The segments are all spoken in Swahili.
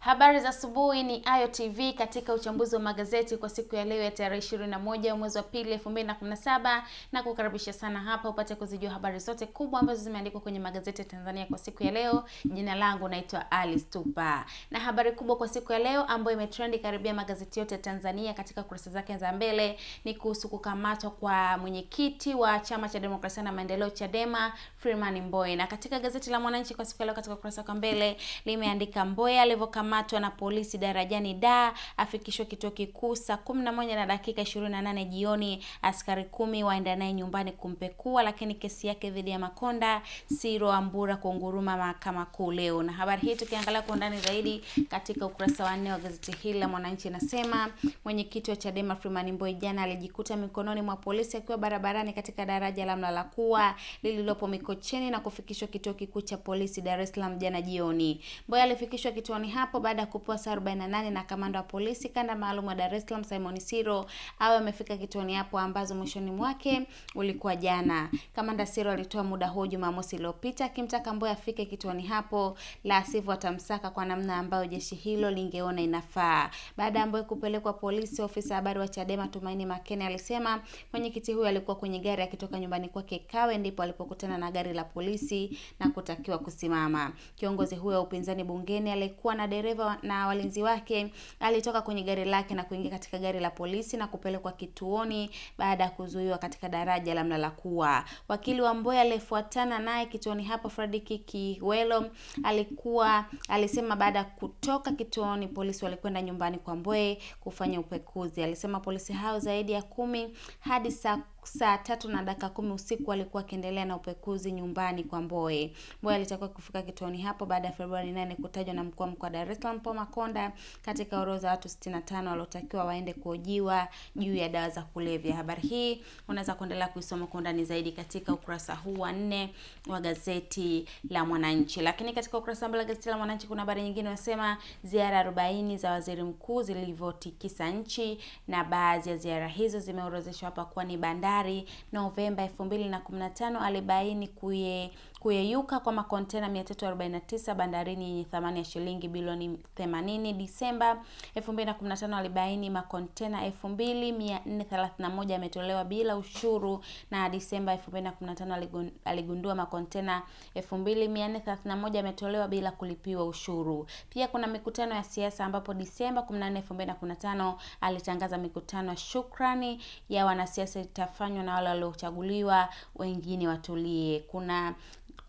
Habari za asubuhi ni Ayo TV katika uchambuzi wa magazeti kwa siku ya leo ya tarehe 21 mwezi wa pili 2017, na kukaribisha sana hapa upate kuzijua habari zote kubwa ambazo zimeandikwa kwenye magazeti ya Tanzania kwa siku ya leo. Jina langu naitwa Alice Tupa, na habari kubwa kwa siku ya leo ambayo imetrendi karibia magazeti yote ya Tanzania katika kurasa zake za mbele ni kuhusu kukamatwa kwa mwenyekiti wa chama cha demokrasia na maendeleo Chadema Freeman Mbowe. Na katika gazeti la Mwananchi kwa siku ya leo, katika ukurasa kwa mbele limeandika Mbowe alivyokamatwa na polisi darajani da afikishwa kituo kikuu saa 11 na dakika 28 jioni, askari kumi waenda naye nyumbani kumpekua, lakini kesi yake dhidi ya Makonda Siro Ambura kunguruma mahakama kuu leo. Na habari hii tukiangalia kwa undani zaidi katika ukurasa wa nne wa gazeti hili la Mwananchi inasema mwenyekiti wa Chadema Freeman Mbowe jana alijikuta mikononi mwa polisi akiwa barabarani katika daraja la Mlalakuwa lililopo mikono Mikocheni na kufikishwa kituo kikuu cha polisi Dar es Salaam jana jioni. Mbowe alifikishwa kituoni hapo baada ya kupewa saa 48 na kamanda wa polisi kanda maalum wa Dar es Salaam Simon Siro awe amefika kituoni hapo ambazo mwishoni mwake ulikuwa jana. Kamanda Siro alitoa muda huo Jumamosi iliyopita akimtaka Mbowe afike kituoni hapo, la sivyo atamsaka kwa namna ambayo jeshi hilo lingeona inafaa. Baada ya Mbowe kupelekwa polisi, ofisa habari wa Chadema Tumaini Makene alisema mwenyekiti huyo alikuwa kwenye gari akitoka nyumbani kwake Kawe, ndipo alipokutana na gari gari la polisi na kutakiwa kusimama. Kiongozi huyo wa upinzani bungeni aliyekuwa na dereva na walinzi wake alitoka kwenye gari lake na kuingia katika gari la polisi na kupelekwa kituoni baada ya kuzuiwa katika daraja la Mlalakuwa. Wakili wa Mboya aliyefuatana naye kituoni hapo, Fredrick Kiwelo, alikuwa alisema baada ya kutoka kituoni polisi walikwenda nyumbani kwa Mbowe kufanya upekuzi. Alisema polisi hao zaidi ya kumi hadi saa saa tatu na dakika kumi usiku alikuwa akiendelea na upekuzi nyumbani kwa mboe mboe alitakiwa kufika kituoni hapo baada ya Februari 8 kutajwa na mkuu wa mkoa wa Dar es Salaam Paul Makonda katika orodha ya watu 65 waliotakiwa waende kuojiwa juu ya dawa za kulevya. Habari hii unaweza kuendelea kuisoma kwa undani zaidi katika ukurasa huu wa nne wa gazeti la Mwananchi. Lakini katika ukurasa wa mbele gazeti la Mwananchi kuna habari nyingine unasema ziara 40 za waziri mkuu zilivyotikisa nchi na baadhi ya ziara hizo zimeorodheshwa hapa kuwa ni bandari Februari Novemba 2015 alibaini kuye kuyeyuka kwa makontena 349 bandarini yenye thamani ya shilingi bilioni 80. Disemba 2015 walibaini makontena 2431 yametolewa bila ushuru, na Disemba 2015 aligundua makontena 2431 yametolewa bila kulipiwa ushuru. Pia kuna mikutano ya siasa ambapo Disemba 14, 2015 alitangaza mikutano ya shukrani ya wanasiasa itafanywa na wale waliochaguliwa, wengine watulie. Kuna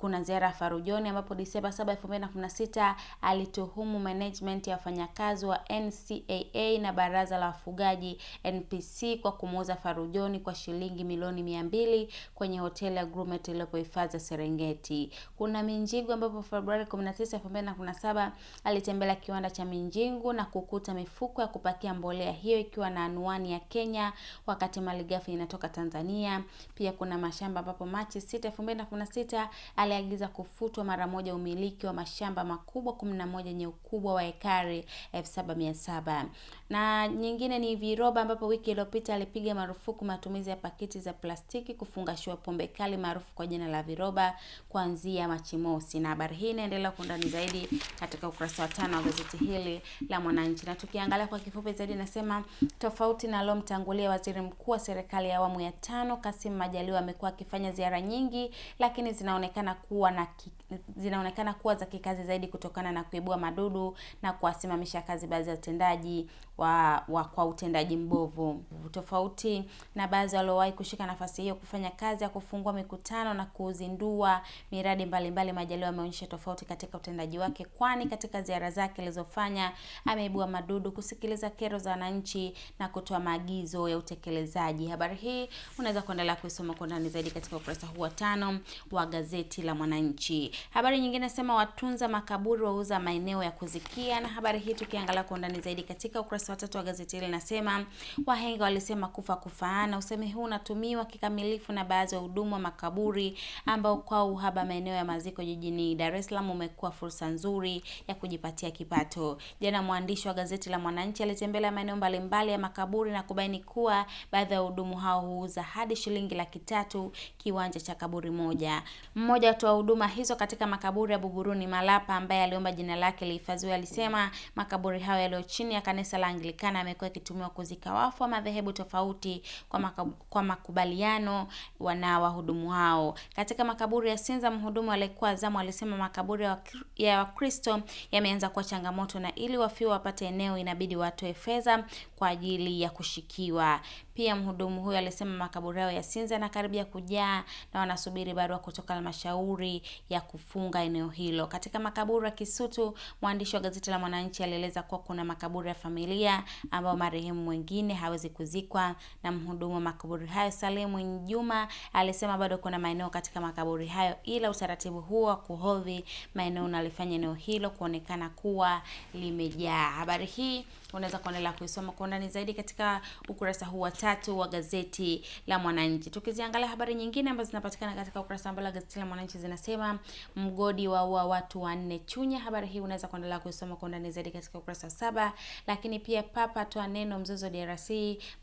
kuna ziara ya Farujoni ambapo Disemba 7, 2016 alituhumu management ya wafanyakazi wa NCAA na baraza la wafugaji NPC kwa kumuuza Farujoni kwa shilingi milioni mia mbili kwenye hoteli ya Grumet iliyopo hifadhi ya Serengeti. Kuna Minjingu ambapo Februari 19, 2017 alitembelea kiwanda cha Minjingu na kukuta mifuko ya kupakia mbolea hiyo ikiwa na anuani ya Kenya wakati malighafi inatoka Tanzania. Pia kuna mashamba ambapo Machi 6, 2016 aliagiza kufutwa mara moja umiliki wa mashamba makubwa 11 yenye ukubwa wa ekari 7700. Na nyingine ni viroba, ambapo wiki iliyopita alipiga marufuku matumizi ya pakiti za plastiki kufungashiwa pombe kali maarufu kwa jina la viroba kuanzia Machi mosi, na habari hii inaendelea kwa undani zaidi katika ukurasa wa tano wa gazeti hili la Mwananchi. Na tukiangalia kwa kifupi zaidi, nasema tofauti na alomtangulia waziri mkuu wa serikali ya awamu ya tano Kassim Majaliwa amekuwa akifanya ziara nyingi, lakini zinaonekana kuwa na ki, zinaonekana kuwa za kikazi zaidi kutokana na kuibua madudu na kuwasimamisha kazi baadhi ya utendaji wa, wa kwa utendaji mbovu. Tofauti na baadhi waliowahi kushika nafasi hiyo kufanya kazi ya kufungua mikutano na kuzindua miradi mbalimbali, Majaliwa ameonyesha tofauti katika utendaji wake, kwani katika ziara zake alizofanya ameibua madudu, kusikiliza kero za wananchi na kutoa maagizo ya utekelezaji. Habari hii unaweza kuendelea kuisoma kwa ndani zaidi katika ukurasa huu wa tano wa gazeti la la Mwananchi. Habari nyingine nasema watunza makaburi wauza maeneo ya kuzikia, na habari hii tukiangalia kwa undani zaidi katika ukurasa wa tatu wa gazeti hili nasema wahenga walisema kufa kufaana. Usemi huu unatumiwa kikamilifu na baadhi ya hudumu wa makaburi ambao kwa uhaba maeneo ya maziko jijini Dar es Salaam umekuwa fursa nzuri ya kujipatia kipato. Jana mwandishi wa gazeti la Mwananchi alitembelea maeneo mbalimbali ya makaburi na kubaini kuwa baadhi ya wahudumu hao huuza hadi shilingi laki tatu kiwanja cha kaburi moja. Mmoja Mtoa huduma hizo katika makaburi ya Buguruni Malapa, ambaye aliomba jina lake lihifadhiwe, alisema makaburi hayo yaliyo chini ya kanisa la Anglikana yamekuwa yakitumiwa kuzika wafu wa madhehebu tofauti kwa, makab kwa makubaliano na wahudumu hao. Katika makaburi ya Sinza, mhudumu aliyekuwa zamu alisema makaburi ya Wakristo yameanza kuwa changamoto na ili wafiwa wapate eneo inabidi watoe fedha kwa ajili ya kushikiwa. Pia mhudumu huyo alisema makaburi yao ya Sinza yanakaribia kujaa na wanasubiri barua kutoka halmashauri ya kufunga eneo hilo. Katika makaburi ya Kisutu, mwandishi wa gazeti la Mwananchi alieleza kuwa kuna makaburi ya familia ambao marehemu mwingine hawezi kuzikwa, na mhudumu wa makaburi hayo Salimu Njuma alisema bado kuna maeneo katika makaburi hayo, ila utaratibu huo wa kuhodhi maeneo unalifanya eneo hilo kuonekana kuwa limejaa. Habari hii unaweza kuendelea kuisoma kwa undani zaidi katika ukurasa huu wa tatu wa gazeti la Mwananchi. Tukiziangalia habari nyingine ambazo zinapatikana katika ukurasa ambao la gazeti la Mwananchi zinasema mgodi wa waua watu wanne Chunya. Habari hii unaweza kuendelea kuisoma kwa undani zaidi katika ukurasa saba. Lakini pia papa toa neno mzozo DRC,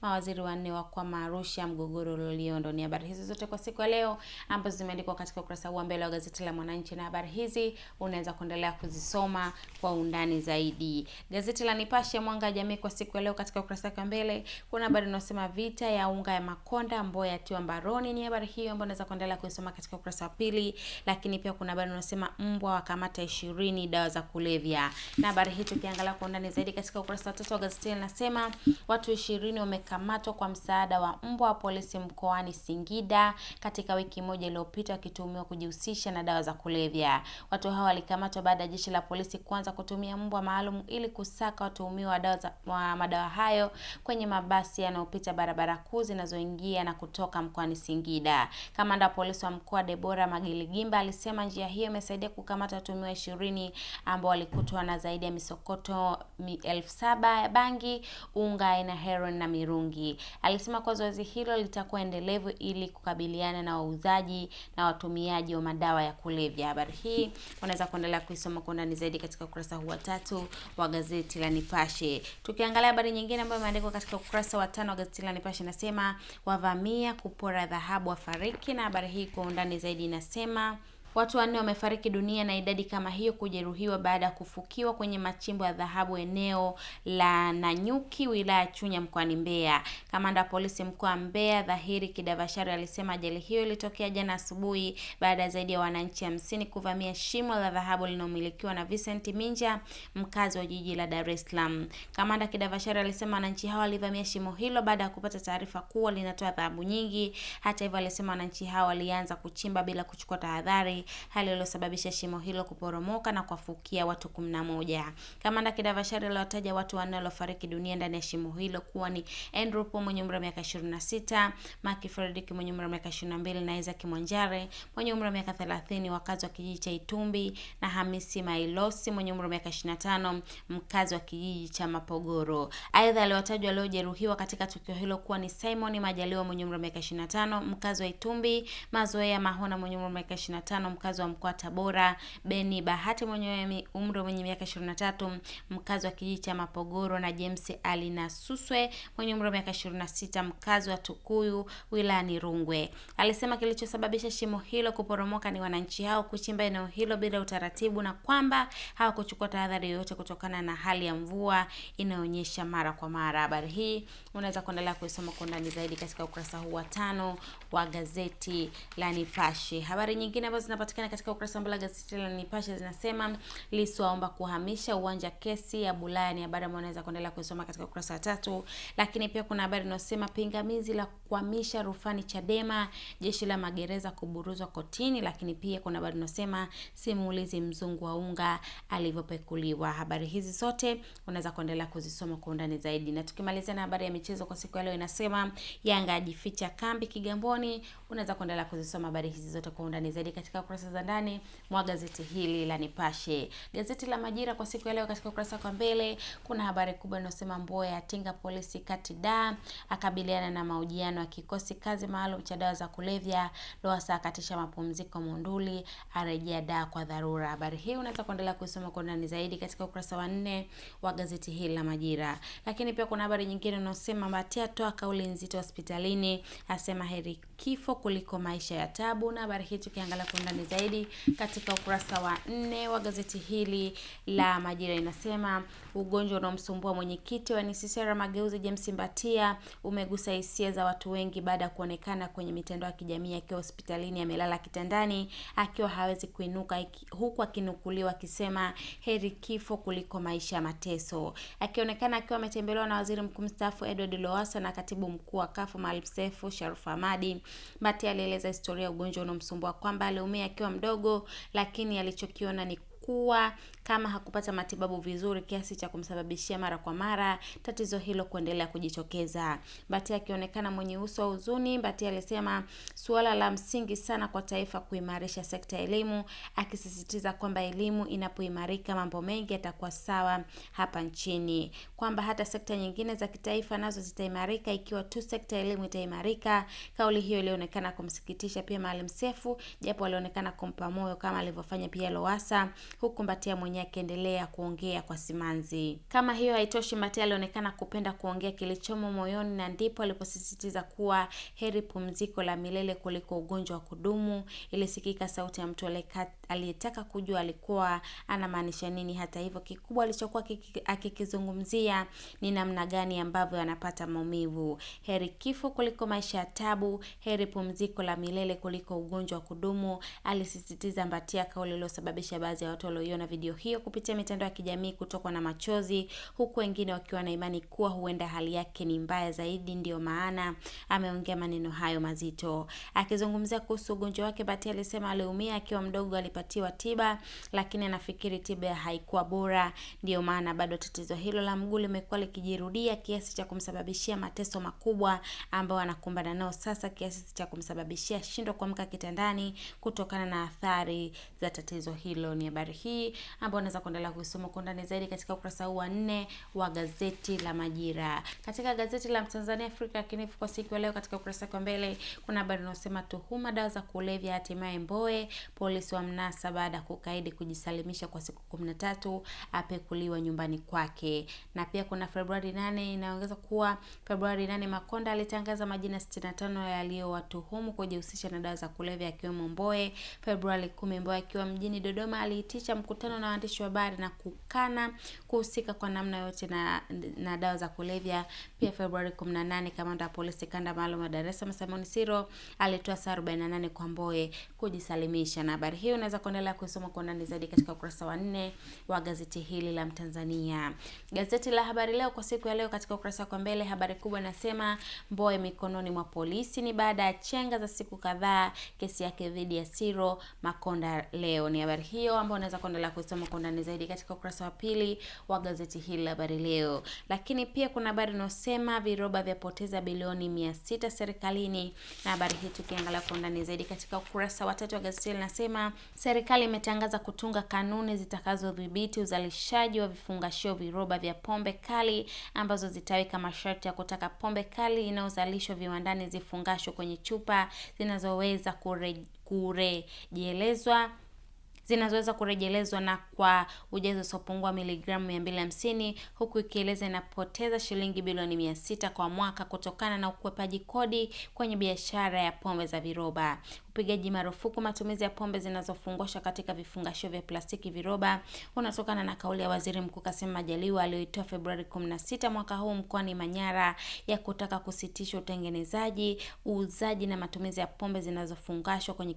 mawaziri wanne wa kwa marusha mgogoro Loliondo. Ni habari hizi zote kwa siku ya leo ambazo zimeandikwa katika ukurasa huu wa mbele wa gazeti la Mwananchi, na habari hizi unaweza kuendelea kuzisoma kwa undani zaidi. Gazeti la Nipashe Mwanga Jamii kwa siku ya leo, katika ukurasa wa mbele kuna habari inayosema vita ya unga ya Makonda, Mboya atiwa mbaroni. Ni habari hiyo ambayo unaweza kuendelea kuisoma katika ukurasa wa pili, lakini pia kuna habari inayosema mbwa wakamata ishirini dawa za kulevya, na habari hii tukiangalia kwa undani zaidi katika ukurasa wa tatu wa gazeti linasema watu ishirini wamekamatwa kwa msaada wa mbwa wa polisi mkoani Singida katika wiki moja iliyopita, wakituhumiwa kujihusisha na dawa za kulevya. Watu hao walikamatwa baada ya jeshi la polisi kuanza kutumia mbwa maalum ili kusaka watuhumiwa madawa, wa madawa hayo kwenye mabasi yanayopita barabara kuu zinazoingia na kutoka mkoani Singida. Kamanda wa polisi wa mkoa Debora Magiligimba alisema njia hiyo imesaidia kukamata watuhumiwa ishirini ambao walikutwa na zaidi ya misokoto elfu saba ya bangi, unga aina heroin na mirungi. Alisema kuwa zoezi hilo litakuwa endelevu ili kukabiliana na wauzaji na watumiaji wa madawa ya kulevya. Habari hii unaweza kuendelea kuisoma kwa undani zaidi katika ukurasa huu wa tatu wa gazeti la Nipashe. Tukiangalia habari nyingine ambayo imeandikwa katika ukurasa wa tano wa gazeti la Nipashe inasema wavamia kupora dhahabu wafariki, na habari hii kwa undani zaidi inasema Watu wanne wamefariki dunia na idadi kama hiyo kujeruhiwa baada ya kufukiwa kwenye machimbo ya dhahabu eneo la Nanyuki wilaya Chunya mkoani Mbeya. Kamanda wa polisi mkoa wa Mbeya Dhahiri Kidavashari alisema ajali hiyo ilitokea jana asubuhi baada ya zaidi ya wananchi hamsini kuvamia shimo la dhahabu linalomilikiwa na Vincent Minja, mkazi wa jiji la Dar es Salaam. Kamanda Kidavashari alisema wananchi hao walivamia shimo hilo baada ya kupata taarifa kuwa linatoa dhahabu nyingi. Hata hivyo, alisema wananchi hao walianza kuchimba bila kuchukua tahadhari hali iliyosababisha shimo hilo kuporomoka na kuwafukia watu 11. Kamanda Kidavashari aliwataja watu wanne waliofariki dunia ndani ya shimo hilo kuwa ni Andrew Po mwenye umri wa miaka 26, Mark Frederick mwenye umri wa miaka 22 na Isaac Mwanjare mwenye umri wa miaka 30 wakazi wa kijiji cha Itumbi na Hamisi Mailosi mwenye umri wa miaka 25 mkazi wa kijiji cha Mapogoro. Aidha, aliwatajwa waliojeruhiwa katika tukio hilo kuwa ni Simon Majaliwa mwenye umri wa miaka 25 mkazi wa Itumbi, Mazoea Mahona mwenye umri wa miaka 25 25 mkazi wa mkoa Tabora, Beni Bahati mwenye umri mwenye miaka 23 mkazi wa kijiji cha Mapogoro, na James Ali na Suswe mwenye umri wa miaka 26 mkazi wa Tukuyu wilayani Rungwe. Alisema kilichosababisha shimo hilo kuporomoka ni wananchi hao kuchimba eneo hilo bila utaratibu na kwamba hawakuchukua tahadhari yoyote kutokana na hali ya mvua inayoonyesha mara kwa mara. Habari hii unaweza kuendelea kuisoma kwa undani zaidi katika ukurasa huu wa tano wa gazeti la Nipashe. Habari nyingine ambazo zinapatikana katika ukurasa wa mbele gazeti la Nipashe zinasema Lissu aomba kuhamisha uwanja kesi ya Bulaya, ni habari ambayo unaweza kuendelea kuisoma katika ukurasa wa tatu. Lakini pia kuna habari inayosema pingamizi la kuhamisha rufani Chadema, jeshi la magereza kuburuzwa kotini. Lakini pia kuna habari inayosema simulizi mzungu wa unga alivyopekuliwa. Habari hizi zote unaweza kuendelea kuzisoma kwa undani zaidi, na tukimalizia na habari ya michi michezo kwa siku ya leo inasema Yanga ajificha kambi Kigamboni unaweza kuendelea kuzisoma habari hizi zote kwa undani zaidi katika kurasa za ndani mwa gazeti hili la Nipashe. Gazeti la Majira kwa siku ya leo, katika ukurasa kwa mbele kuna habari kubwa inayosema Mboya atinga polisi kati da akabiliana na mahojiano ya kikosi kazi maalum cha dawa za kulevya. Lowassa akatisha mapumziko Monduli, arejea da kwa dharura. Habari hii unaweza kuendelea kuisoma kwa undani zaidi katika ukurasa wa nne wa gazeti hili la Majira. Lakini pia kuna habari nyingine inayosema Mbatia toa kauli nzito hospitalini, asema heri kifo kuliko maisha ya tabu. Na habari hii tukiangalia kwa undani zaidi katika ukurasa wa nne wa gazeti hili la Majira inasema ugonjwa unaomsumbua mwenyekiti wa NCCR Mageuzi James Mbatia umegusa hisia za watu wengi baada ya kuonekana kwenye mitandao ya kijamii akiwa hospitalini amelala kitandani akiwa hawezi kuinuka, huku akinukuliwa akisema heri kifo kuliko maisha ya mateso, akionekana akiwa ametembelewa na waziri mkuu mstaafu Edward Lowassa na katibu mkuu wa kafu Maalim Seif Sharif Hamad. Mati alieleza historia ya ugonjwa unaomsumbua kwamba aliumia akiwa mdogo, lakini alichokiona ni kukua kama hakupata matibabu vizuri kiasi cha kumsababishia mara kwa mara tatizo hilo kuendelea kujitokeza. Mbatia akionekana mwenye uso wa huzuni, Mbatia alisema suala la msingi sana kwa taifa kuimarisha sekta ya elimu, akisisitiza kwamba elimu inapoimarika mambo mengi yatakuwa sawa hapa nchini, kwamba hata sekta nyingine za kitaifa nazo zitaimarika ikiwa tu sekta ya elimu itaimarika. Kauli hiyo ilionekana kumsikitisha pia Maalim Sefu, japo alionekana kumpa moyo kama alivyofanya pia Lowassa huku Mbatia mwenyewe akiendelea kuongea kwa simanzi. Kama hiyo haitoshi, Mbatia alionekana kupenda kuongea kilichomo moyoni, na ndipo aliposisitiza kuwa heri pumziko la milele kuliko ugonjwa wa kudumu. Ilisikika sauti ya mtu aliyetaka kujua alikuwa anamaanisha nini. Hata hivyo, kikubwa alichokuwa akikizungumzia ni namna gani ambavyo anapata maumivu. Heri kifo kuliko maisha ya tabu, heri pumziko la milele kuliko ugonjwa wa kudumu, alisisitiza Mbatia, kauli iliyosababisha baadhi ya watu walioiona video hiyo kupitia mitandao ya kijamii kutokwa na machozi, huku wengine wakiwa na imani kuwa huenda hali yake ni mbaya zaidi, ndiyo maana ameongea maneno hayo mazito. Akizungumzia kuhusu ugonjwa wake, Bahati alisema aliumia akiwa mdogo, alipatiwa tiba, lakini anafikiri tiba haikuwa bora, ndiyo maana bado tatizo hilo la mguu limekuwa likijirudia kiasi cha kumsababishia mateso makubwa ambayo anakumbana nao sasa, kiasi cha kumsababishia shindwa kuamka kitandani kutokana na athari za tatizo hilo. Ni habari hii ambayo unaweza kuendelea kuisoma kwa undani zaidi katika ukurasa huu wa nne wa gazeti la Majira. Katika gazeti la Mtanzania Afrika Kinifu kwa siku ya leo, katika ukurasa wa mbele kuna habari inayosema tuhuma dawa za kulevya hatimaye Mboe polisi wa mnasa baada ya kukaidi kujisalimisha kwa siku kumi na tatu apekuliwa nyumbani kwake. Na pia kuna Februari nane inaongeza kuwa Februari nane Makonda alitangaza majina 65 yaliyowatuhumu kujihusisha na dawa za kulevya akiwemo Mboe. Februari kumi Mboe akiwa mjini Dodoma aliitisha kuitisha mkutano na waandishi wa habari na kukana kuhusika kwa namna yote na, na dawa za kulevya. Pia Februari 18 kamanda wa polisi kanda maalum ya Dar es Salaam Simon Siro alitoa saa 48 kwa Mboe kujisalimisha, na habari hiyo unaweza kuendelea kusoma kwa undani zaidi katika ukurasa wa nne wa gazeti hili la Mtanzania. Gazeti la Habari Leo kwa siku ya leo, katika ukurasa wa mbele, habari kubwa nasema Mboe mikononi mwa polisi ni baada ya chenga za siku kadhaa, kesi yake dhidi ya Siro Makonda leo. Ni habari hiyo ambayo unaweza unaweza kuendelea kusoma kwa undani zaidi katika ukurasa wa pili wa gazeti hili la Habari Leo. Lakini pia kuna habari inayosema viroba vyapoteza bilioni mia sita serikalini, na habari hii tukiangalia kwa undani zaidi katika ukurasa wa tatu wa gazeti hili inasema serikali imetangaza kutunga kanuni zitakazodhibiti uzalishaji wa vifungashio viroba vya pombe kali ambazo zitaweka masharti ya kutaka pombe kali inayozalishwa viwandani zifungashwe kwenye chupa zinazoweza kurejelezwa kure zinazoweza kurejelezwa na kwa ujazo usiopungua miligramu 250 huku ikieleza inapoteza shilingi bilioni 600 kwa mwaka kutokana na ukwepaji kodi kwenye biashara ya pombe za viroba. Upigaji marufuku matumizi ya pombe zinazofungwashwa katika vifungashio vya plastiki viroba unatokana na kauli ya Waziri Mkuu Kassim Majaliwa aliyoitoa Februari 16 mwaka huu mkoani Manyara ya kutaka kusitisha utengenezaji, uuzaji na matumizi ya pombe zinazofungashwa kwenye,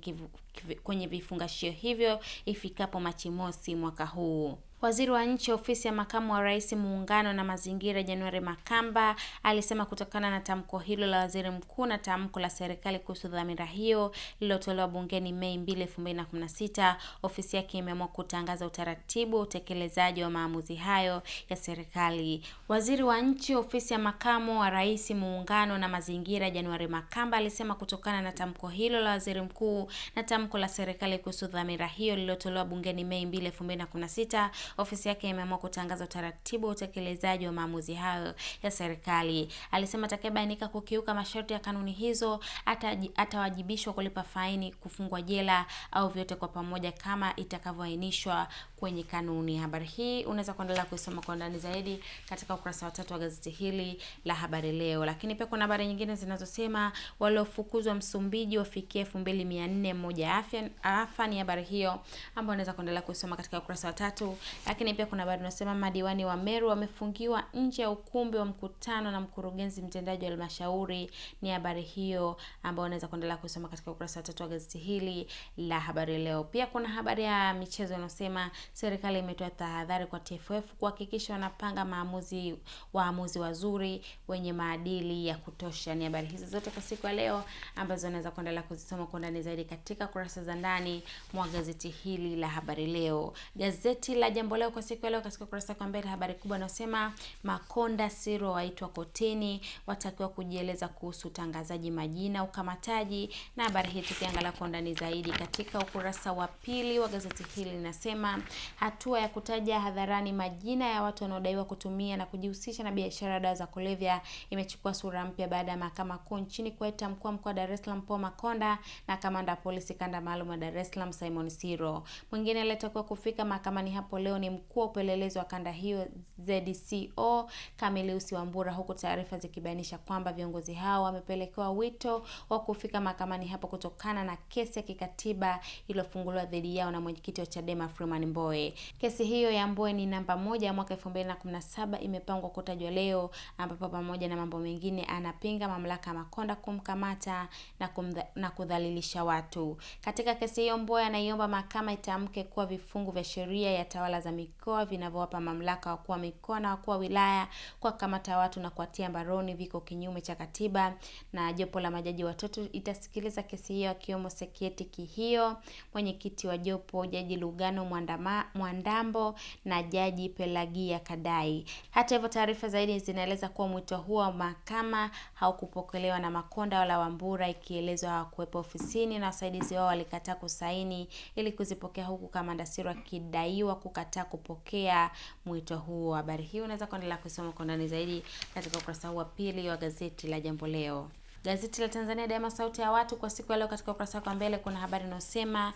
kwenye vifungashio hivyo ifikapo Machi mosi mwaka huu. Waziri wa Nchi, Ofisi ya Makamu wa Rais, Muungano na Mazingira, January Makamba alisema kutokana na tamko hilo la waziri mkuu na tamko la serikali kuhusu dhamira hiyo lililotolewa bungeni Mei 2, 2016, ofisi yake imeamua kutangaza utaratibu wa utekelezaji wa maamuzi hayo ya serikali. Waziri wa Nchi, Ofisi ya Makamu wa Rais, Muungano na Mazingira, January Makamba alisema kutokana na tamko hilo la waziri mkuu na tamko la serikali kuhusu dhamira hiyo lililotolewa bungeni Mei 2, 2016 ofisi yake imeamua kutangaza utaratibu wa utekelezaji wa maamuzi hayo ya serikali. Alisema atakayebainika kukiuka masharti ya kanuni hizo atawajibishwa kulipa faini, kufungwa jela au vyote kwa pamoja kama itakavyoainishwa kwenye kanuni. Habari hii unaweza kuendelea kuisoma kwa undani zaidi katika ukurasa wa tatu wa gazeti hili la Habari Leo. Lakini pia kuna habari nyingine zinazosema waliofukuzwa Msumbiji wafikia elfu mbili mia nne mmoja afya afa, ni habari hiyo ambayo unaweza kuendelea kuisoma katika ukurasa wa tatu. Lakini pia kuna habari inasema madiwani wa Meru wamefungiwa nje ya ukumbi wa mkutano na mkurugenzi mtendaji wa halmashauri, ni habari hiyo ambayo unaweza kuendelea kuisoma katika ukurasa wa tatu wa gazeti hili la Habari Leo. Pia kuna habari ya michezo inasema serikali imetoa tahadhari kwa TFF kuhakikisha wanapanga maamuzi waamuzi wazuri wenye maadili ya kutosha. Ni habari hizi zote kwa siku ya leo ambazo naweza kuendelea kuzisoma kwa undani zaidi katika kurasa za ndani mwa gazeti hili la Habari Leo. Gazeti la Jambo Leo kwa siku ya leo katika kurasa kwa mbele, habari kubwa inasema Makonda Siro waitwa kotini, watakiwa kujieleza kuhusu utangazaji majina, ukamataji na habari hii tukiangalia kwa undani zaidi katika ukurasa wa pili wa gazeti hili linasema hatua ya kutaja hadharani majina ya watu wanaodaiwa kutumia na kujihusisha na biashara dawa za kulevya imechukua sura mpya baada ya mahakama kuu nchini kuwaita mkuu wa mkoa wa Dar es Salaam Paul Makonda na kamanda wa polisi kanda maalum wa Dar es Salaam Simon Siro. Mwingine aliyetakiwa kufika mahakamani hapo leo ni mkuu wa upelelezi wa kanda hiyo ZCO Kamileusi Wambura, huku taarifa zikibainisha kwamba viongozi hao wamepelekewa wito wa kufika mahakamani hapo kutokana na kesi ya kikatiba iliyofunguliwa dhidi yao na mwenyekiti wa Chadema Freeman Mbowe. Kesi hiyo ya Mbowe ni namba moja mwaka 2017 imepangwa kutajwa leo, ambapo pamoja na mambo mengine anapinga mamlaka ya Makonda kumkamata na, kumdha, na kudhalilisha watu. Katika kesi hiyo, Mbowe anaiomba mahakama itamke kuwa vifungu vya sheria ya tawala za mikoa vinavyowapa mamlaka wakuu mikoa na wakuu wa wilaya kwa kamata watu na kuwatia mbaroni viko kinyume cha katiba, na jopo la majaji watatu itasikiliza kesi hiyo, akiwemo Sekieti Kihio, mwenyekiti wa jopo, Jaji Lugano Mwandama, Mwandambo na Jaji Pelagia Kadai. Hata hivyo, taarifa zaidi zinaeleza kuwa mwito huo wa mahakama haukupokelewa na Makonda wala Wambura, ikielezwa hawakuwepo ofisini na wasaidizi wao walikataa kusaini ili kuzipokea, huku Kamanda Siro akidaiwa kukataa kupokea mwito huo habari hii unaweza kuendelea kusoma kwa ndani zaidi katika ukurasa huu wa pili wa gazeti la Jambo Leo. Gazeti la Tanzania Daima, sauti ya watu, kwa siku ya leo, katika ukurasa wa mbele kuna habari inayosema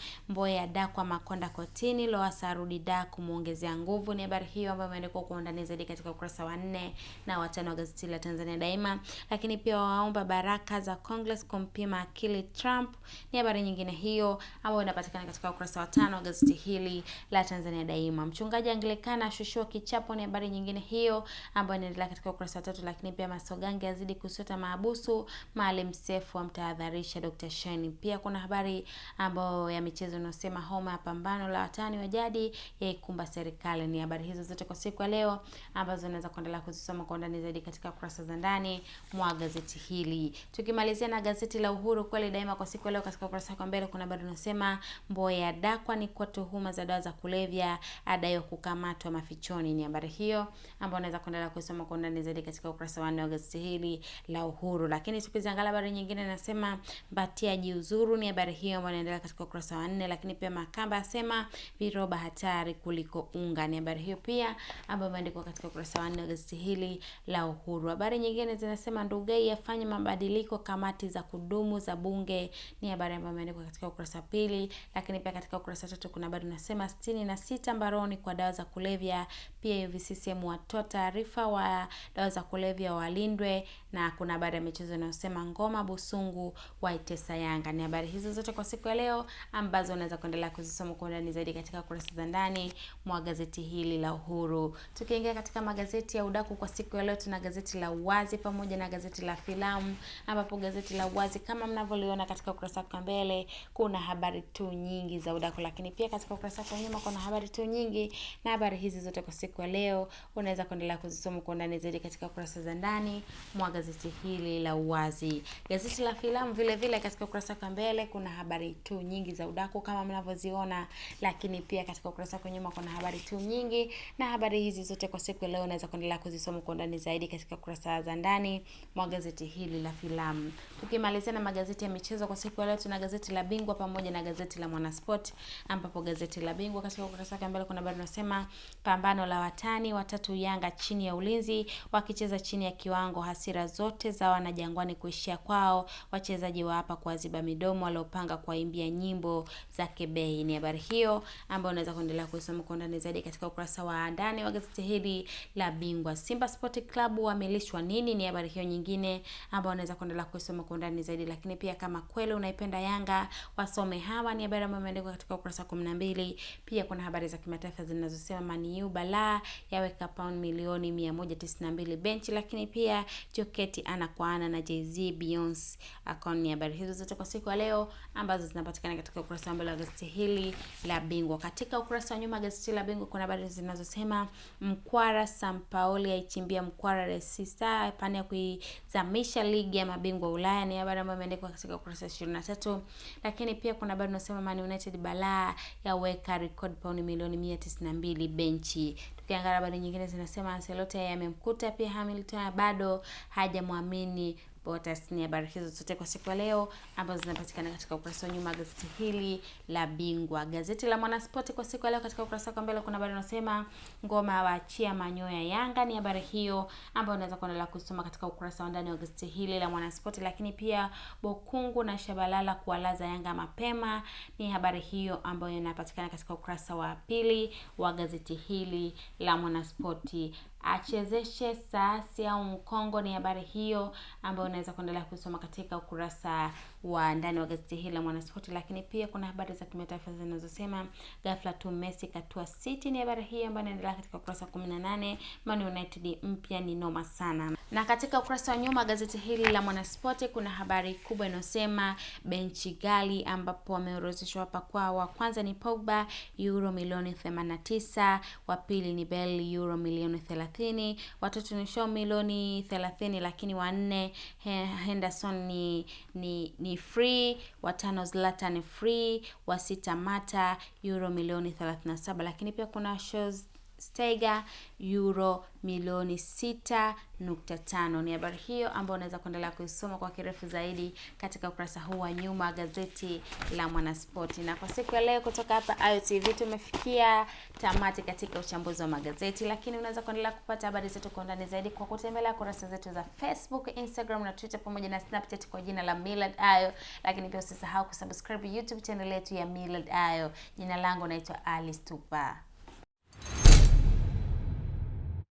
da kwa Makonda kotini, Lowassa arudi da kumwongezea nguvu. Ni habari hiyo ambayo imeandikwa kwa undani zaidi katika ukurasa wa nne na watano wa gazeti la Tanzania Daima. Lakini pia waomba baraka za Congress kumpima akili Trump, ni habari nyingine hiyo ambayo inapatikana katika ukurasa wa tano wa gazeti hili la Tanzania Daima. Mchungaji Anglikana ashushiwa kichapo, ni habari nyingine hiyo ambayo inaendelea katika ukurasa wa tatu. Lakini pia Masogange azidi kusota maabusu Maalim Seif amtahadharisha Dr. Shein. Pia kuna habari ambayo ya michezo inasema homa ya pambano la watani wa jadi yaikumba serikali. Ni habari hizo zote kwa siku ya leo ambazo unaweza kuendelea kuzisoma kwa undani zaidi katika kurasa za ndani mwa gazeti hili. Tukimalizia na gazeti la Uhuru kweli daima kwa siku ya leo, katika ukurasa wake mbele kuna habari inasema Mbowe adakwa ni kwa tuhuma za dawa za kulevya, adaiwa kukamatwa mafichoni. Ni habari hiyo ambayo unaweza kuendelea kusoma kwa undani zaidi katika ukurasa wa nne wa gazeti hili la Uhuru. Lakini siku Mwananchi angalau habari nyingine anasema Mbatia jiuzuru. ni habari hiyo ambayo inaendelea katika ukurasa wa nne. Lakini pia Makamba asema viroba hatari kuliko unga, ni habari hiyo pia ambayo imeandikwa katika ukurasa wa nne wa gazeti hili la Uhuru. Habari nyingine zinasema Ndugai afanye mabadiliko kamati za kudumu za Bunge, ni habari ambayo imeandikwa katika ukurasa pili. Lakini pia katika ukurasa tatu kuna habari inasema sitini na sita mbaroni kwa dawa za kulevya. Pia UVCCM watoa taarifa wa dawa za kulevya walindwe na kuna habari ya michezo inayosema ngoma busungu waitesa Yanga. Ni habari hizo zote kwa siku ya leo ambazo unaweza kuendelea kuzisoma kwa undani zaidi katika kurasa za ndani mwa gazeti hili la Uhuru. Tukiingia katika magazeti ya udaku kwa siku ya leo, tuna gazeti la Uwazi pamoja na gazeti la Filamu, ambapo gazeti la Uwazi kama mnavyoliona katika ukurasa wa mbele kuna habari tu nyingi za udaku, lakini pia katika ukurasa wa nyuma kuna habari tu nyingi, na habari hizi zote kwa siku ya leo unaweza kuendelea kuzisoma kwa undani zaidi katika kurasa za ndani mwa gazeti gazeti hili la Uwazi. Gazeti la filamu vile vile, katika ukurasa wa mbele kuna habari tu nyingi za udaku kama mnavyoziona, lakini pia katika ukurasa wa nyuma kuna habari tu nyingi, na habari hizi zote kwa siku ya leo unaweza kuendelea kuzisoma kwa ndani zaidi katika kurasa za ndani mwa gazeti hili la filamu. Tukimalizia na magazeti ya michezo kwa siku ya leo, tuna gazeti la Bingwa pamoja na gazeti la Mwanasport, ambapo gazeti la Bingwa katika ukurasa wa mbele kuna habari inasema pambano la watani watatu Yanga chini ya ulinzi wakicheza chini ya kiwango hasira zote za Wanajangwani kuishia kwao, wachezaji wa hapa kuwaziba midomo waliopanga kuwaimbia nyimbo za kebei. Ni habari hiyo ambayo unaweza kuendelea kusoma kwa undani zaidi katika ukurasa wa ndani wa gazeti hili la Bingwa. Simba Sport Club wamelishwa nini? Ni habari hiyo nyingine ambayo unaweza kuendelea kusoma kwa undani zaidi, lakini pia kama kweli unaipenda Yanga wasome hawa. Ni habari ambayo imeandikwa katika ukurasa wa 12. Pia kuna habari za kimataifa zinazosema Man U balaa yaweka pauni milioni 192 benchi, lakini pia kuketi ana kwa ana na Jay-Z, Beyonce akaoni. ni habari hizo zote kwa siku ya leo ambazo zinapatikana katika ukurasa wa mbele wa gazeti hili la Bingwa. Katika ukurasa wa nyuma gazeti la Bingwa kuna habari zinazosema Mkwara Sampaoli aichimbia Mkwara resista pande ya kuizamisha ligi ya mabingwa Ulaya, ni habari ambayo imeandikwa katika ukurasa wa 23. Lakini pia kuna habari inasema Man United balaa yaweka record pauni milioni 192 benchi Ukiangalia habari nyingine zinasema Ancelotti yamemkuta amemkuta pia Hamilton bado hajamwamini ni habari hizo zote kwa siku ya leo ambazo zinapatikana katika ukurasa wa nyuma gazeti hili la Bingwa. Gazeti la Mwanaspoti kwa siku ya leo katika ukurasa wa mbele kuna habari inasema Ngoma waachia manyoya Yanga. Ni habari hiyo ambayo unaweza kuendelea kusoma katika ukurasa wa ndani wa gazeti hili la Mwanaspoti, lakini pia Bokungu na Shabalala kuwalaza Yanga mapema. Ni habari hiyo ambayo inapatikana katika ukurasa wa pili wa gazeti hili la Mwanaspoti achezeshe saasi au mkongo. Ni habari hiyo ambayo unaweza kuendelea kusoma katika ukurasa wa ndani wa gazeti hili la Mwanaspoti, lakini pia kuna habari za kimataifa zinazosema ghafla tu Messi katua City. Ni habari hii ambayo inaendelea katika ukurasa 18. Man United mpya ni noma sana. Na katika ukurasa wa nyuma gazeti hili la Mwanaspoti kuna habari kubwa inayosema benchi gali, ambapo wameorozeshwa hapa kwa wa kwanza ni Pogba euro milioni 89, wa pili ni Bale euro milioni 30, watatu ni Shaw milioni 30, lakini wanne Henderson ni, ni, ni ni free, watano Zlatan free, sita Mata euro milioni 37, lakini pia kuna shows Steiger euro milioni 6.5. Ni habari hiyo ambayo unaweza kuendelea kuisoma kwa kirefu zaidi katika ukurasa huu wa nyuma gazeti la Mwanaspoti. Na kwa siku ya leo kutoka hapa Ayo TV tumefikia tamati katika uchambuzi wa magazeti, lakini unaweza kuendelea kupata habari zetu kwa undani zaidi kwa kutembelea kurasa zetu za Facebook, Instagram na Twitter pamoja na Snapchat kwa jina la Millard Ayo, lakini pia usisahau kusubscribe YouTube channel yetu ya Millard Ayo. Jina langu naitwa Alice Tupa.